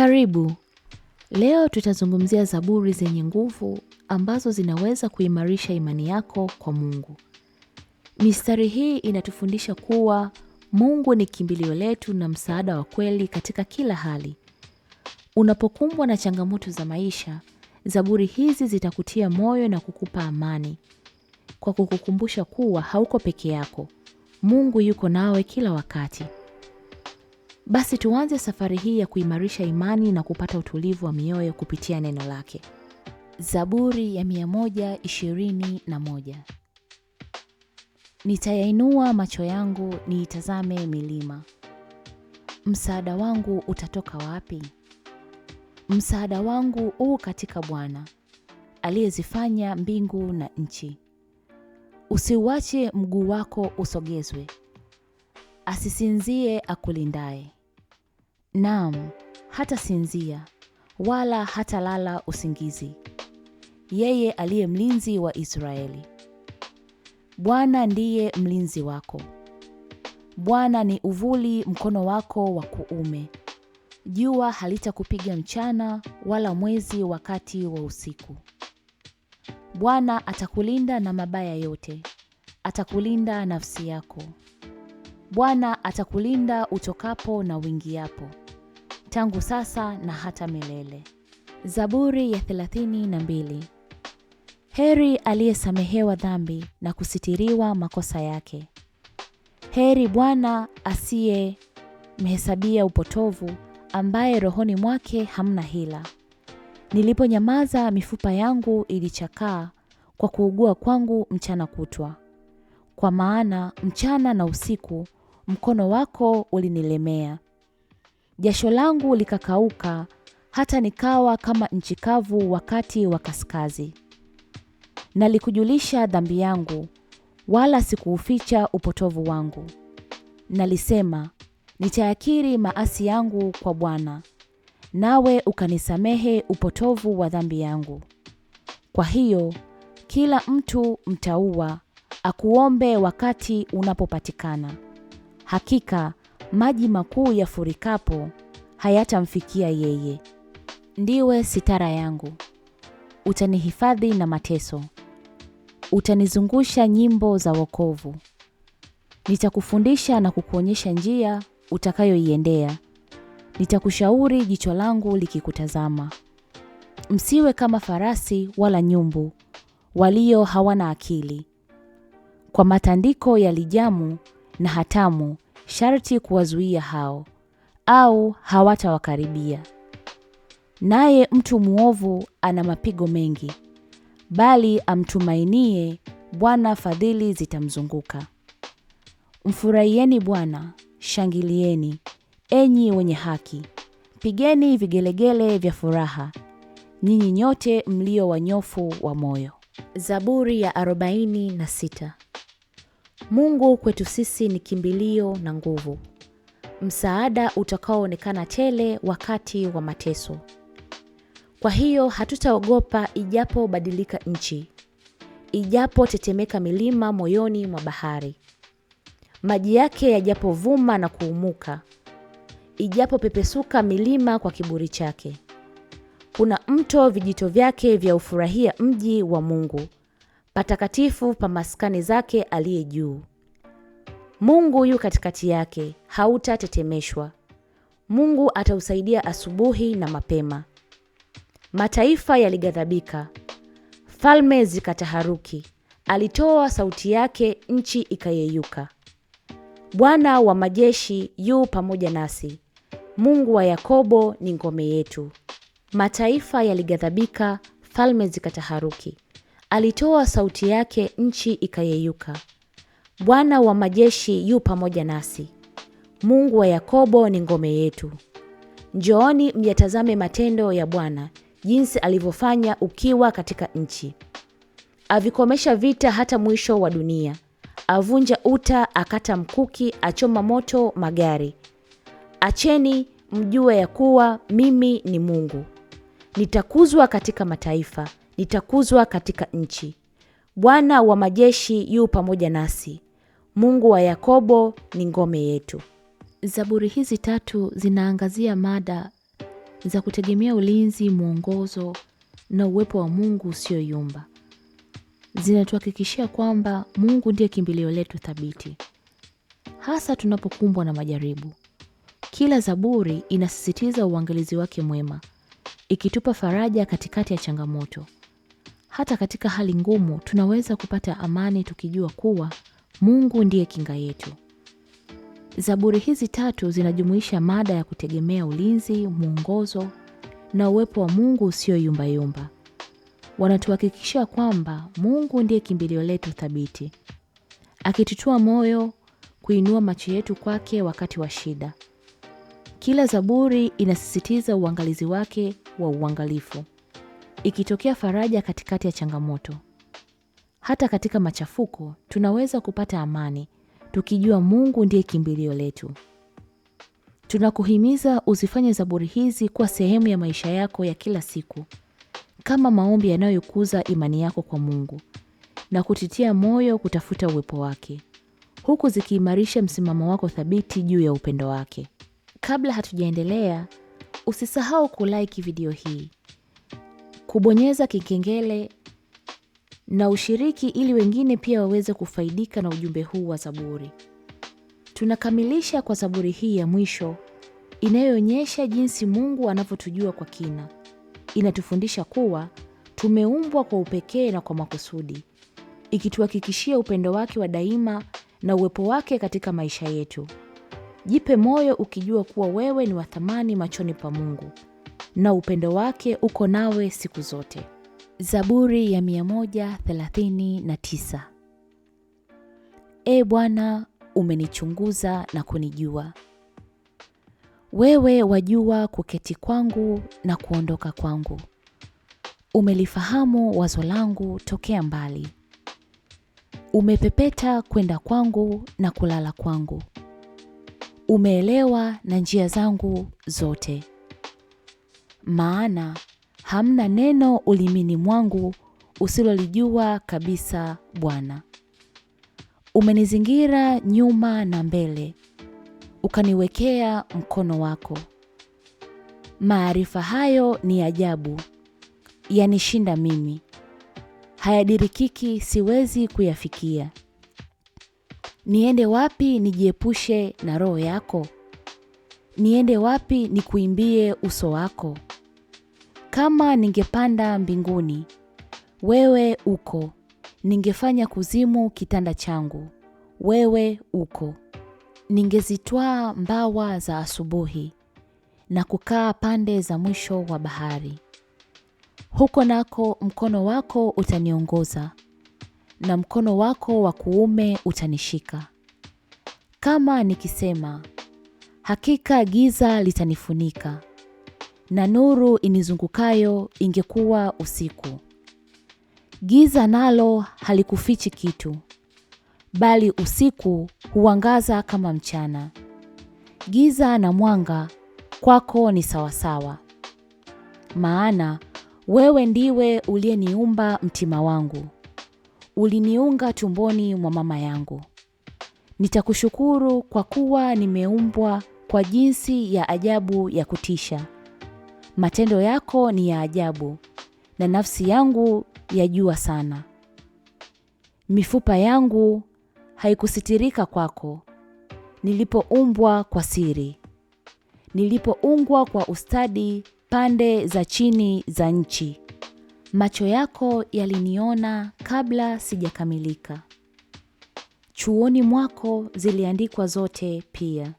Karibu. Leo tutazungumzia Zaburi zenye nguvu ambazo zinaweza kuimarisha imani yako kwa Mungu. Mistari hii inatufundisha kuwa Mungu ni kimbilio letu na msaada wa kweli katika kila hali. Unapokumbwa na changamoto za maisha, Zaburi hizi zitakutia moyo na kukupa amani. Kwa kukukumbusha kuwa hauko peke yako. Mungu yuko nawe kila wakati. Basi tuanze safari hii ya kuimarisha imani na kupata utulivu wa mioyo kupitia neno lake. Zaburi ya 121. Nitayainua macho yangu niitazame milima. Msaada wangu utatoka wapi? Msaada wangu u katika Bwana aliyezifanya mbingu na nchi. Usiuache mguu wako usogezwe, asisinzie akulindaye. Naam, hatasinzia wala hatalala usingizi, yeye aliye mlinzi wa Israeli. Bwana ndiye mlinzi wako, Bwana ni uvuli mkono wako wa kuume. Jua halitakupiga mchana, wala mwezi wakati wa usiku. Bwana atakulinda na mabaya yote, atakulinda nafsi yako. Bwana atakulinda utokapo na uingiapo tangu sasa na hata milele. Zaburi ya 32. Heri aliyesamehewa dhambi na kusitiriwa makosa yake. Heri Bwana asiyemhesabia upotovu, ambaye rohoni mwake hamna hila. Niliponyamaza mifupa yangu ilichakaa kwa kuugua kwangu mchana kutwa. Kwa maana mchana na usiku mkono wako ulinilemea. Jasho langu likakauka hata nikawa kama nchi kavu wakati wa kaskazi. Nalikujulisha dhambi yangu, wala sikuuficha upotovu wangu. Nalisema, nitayakiri maasi yangu kwa Bwana, nawe ukanisamehe upotovu wa dhambi yangu. Kwa hiyo kila mtu mtauwa akuombe wakati unapopatikana. Hakika maji makuu yafurikapo hayatamfikia yeye. Ndiwe sitara yangu, utanihifadhi na mateso, utanizungusha nyimbo za wokovu. Nitakufundisha na kukuonyesha njia utakayoiendea, nitakushauri jicho langu likikutazama. Msiwe kama farasi wala nyumbu walio hawana akili, kwa matandiko ya lijamu na hatamu sharti kuwazuia hao au hawatawakaribia. Naye mtu mwovu ana mapigo mengi, bali amtumainie Bwana fadhili zitamzunguka. Mfurahieni Bwana, shangilieni enyi wenye haki, pigeni vigelegele vya furaha, nyinyi nyote mlio wanyofu wa moyo. Zaburi ya arobaini na sita. Mungu kwetu sisi ni kimbilio na nguvu, msaada utakaoonekana tele wakati wa mateso. Kwa hiyo hatutaogopa ijapobadilika nchi, ijapotetemeka milima moyoni mwa bahari, maji yake yajapovuma na kuumuka, ijapopepesuka milima kwa kiburi chake. Kuna mto vijito vyake vya ufurahia mji wa Mungu patakatifu pa maskani zake aliye juu. Mungu yu katikati yake, hautatetemeshwa. Mungu atausaidia asubuhi na mapema. Mataifa yalighadhabika, falme zikataharuki. Alitoa sauti yake, nchi ikayeyuka. Bwana wa majeshi yu pamoja nasi, Mungu wa Yakobo ni ngome yetu. Mataifa yalighadhabika, falme zikataharuki. Alitoa sauti yake, nchi ikayeyuka. Bwana wa majeshi yu pamoja nasi, Mungu wa Yakobo ni ngome yetu. Njooni myatazame matendo ya Bwana, jinsi alivyofanya ukiwa katika nchi. Avikomesha vita hata mwisho wa dunia, avunja uta, akata mkuki, achoma moto magari. Acheni mjue ya kuwa mimi ni Mungu, nitakuzwa katika mataifa, nitakuzwa katika nchi. Bwana wa majeshi yu pamoja nasi, Mungu wa Yakobo ni ngome yetu. Zaburi hizi tatu zinaangazia mada za kutegemea ulinzi, mwongozo na uwepo wa Mungu usioyumba. Zinatuhakikishia kwamba Mungu ndiye kimbilio letu thabiti, hasa tunapokumbwa na majaribu. Kila zaburi inasisitiza uangalizi wake mwema, ikitupa faraja katikati ya changamoto. Hata katika hali ngumu tunaweza kupata amani tukijua kuwa Mungu ndiye kinga yetu. Zaburi hizi tatu zinajumuisha mada ya kutegemea ulinzi, mwongozo na uwepo wa Mungu usioyumbayumba. Wanatuhakikishia kwamba Mungu ndiye kimbilio letu thabiti, akitutua moyo kuinua macho yetu kwake wakati wa shida. Kila zaburi inasisitiza uangalizi wake wa uangalifu ikitokea faraja katikati ya changamoto. Hata katika machafuko tunaweza kupata amani tukijua Mungu ndiye kimbilio letu. Tunakuhimiza uzifanye zaburi hizi kuwa sehemu ya maisha yako ya kila siku, kama maombi yanayokuza imani yako kwa Mungu na kutitia moyo kutafuta uwepo wake, huku zikiimarisha msimamo wako thabiti juu ya upendo wake. Kabla hatujaendelea, usisahau kulike video hii kubonyeza kikengele na ushiriki ili wengine pia waweze kufaidika na ujumbe huu wa Zaburi. Tunakamilisha kwa Zaburi hii ya mwisho inayoonyesha jinsi Mungu anavyotujua kwa kina. Inatufundisha kuwa tumeumbwa kwa upekee na kwa makusudi, ikituhakikishia upendo wake wa daima na uwepo wake katika maisha yetu. Jipe moyo ukijua kuwa wewe ni wa thamani machoni pa Mungu na upendo wake uko nawe siku zote. Zaburi ya 139. E Bwana, umenichunguza na kunijua. Wewe wajua kuketi kwangu na kuondoka kwangu. Umelifahamu wazo langu tokea mbali. Umepepeta kwenda kwangu na kulala kwangu. Umeelewa na njia zangu zote maana hamna neno ulimini mwangu usilolijua kabisa Bwana. Umenizingira nyuma na mbele, ukaniwekea mkono wako. Maarifa hayo ni ajabu, yanishinda mimi, hayadirikiki, siwezi kuyafikia. Niende wapi nijiepushe na roho yako? niende wapi nikuimbie uso wako? Kama ningepanda mbinguni, wewe uko; ningefanya kuzimu kitanda changu, wewe uko; ningezitwaa mbawa za asubuhi na kukaa pande za mwisho wa bahari. Huko nako mkono wako utaniongoza, na mkono wako wa kuume utanishika. Kama nikisema Hakika giza litanifunika na nuru inizungukayo ingekuwa usiku. Giza nalo halikufichi kitu, bali usiku huangaza kama mchana. Giza na mwanga kwako ni sawasawa, maana wewe ndiwe uliyeniumba mtima wangu, uliniunga tumboni mwa mama yangu. Nitakushukuru kwa kuwa nimeumbwa kwa jinsi ya ajabu ya kutisha. Matendo yako ni ya ajabu, na nafsi yangu yajua sana. Mifupa yangu haikusitirika kwako, nilipoumbwa kwa siri, nilipoungwa kwa ustadi pande za chini za nchi. Macho yako yaliniona kabla sijakamilika, chuoni mwako ziliandikwa zote pia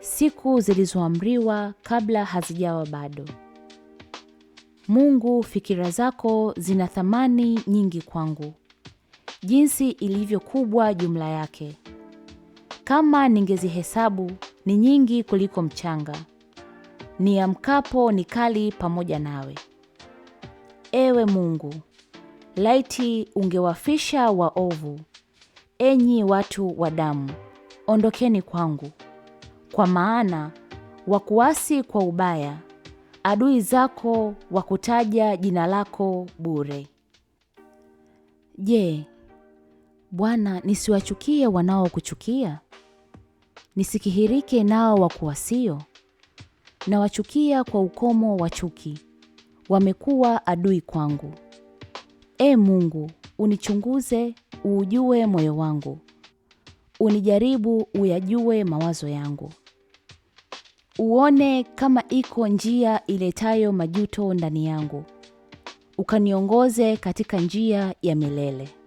siku zilizoamriwa kabla hazijawa bado. Mungu, fikira zako zina thamani nyingi kwangu, jinsi ilivyo kubwa jumla yake! Kama ningezihesabu, ni nyingi kuliko mchanga. Niamkapo ni kali pamoja nawe. Ewe Mungu, laiti ungewafisha waovu! Enyi watu wa damu, ondokeni kwangu! Kwa maana wakuasi kwa ubaya, adui zako wakutaja jina lako bure. Je, Bwana, nisiwachukie wanaokuchukia? Nisikihirike nao wakuasio? Nawachukia kwa ukomo wa chuki, wamekuwa adui kwangu. Ee Mungu, unichunguze, uujue moyo wangu, unijaribu uyajue mawazo yangu, uone kama iko njia iletayo majuto ndani yangu, ukaniongoze katika njia ya milele.